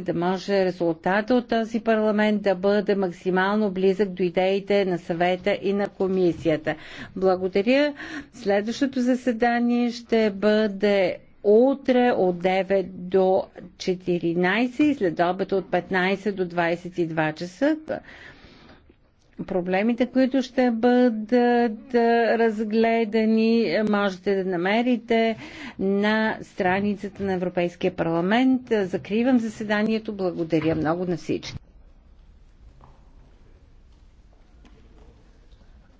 да може резултата от този парламент да бъде максимално близък до идеите на съвета и на комисията. Благодаря. Следващото заседание ще бъде утре от 9 до 14 и след обед от 15 до 22 часа проблемите, които ще бъдат разгледани, можете да намерите на страницата на Европейския парламент. Закривам заседанието. Благодаря много на всички.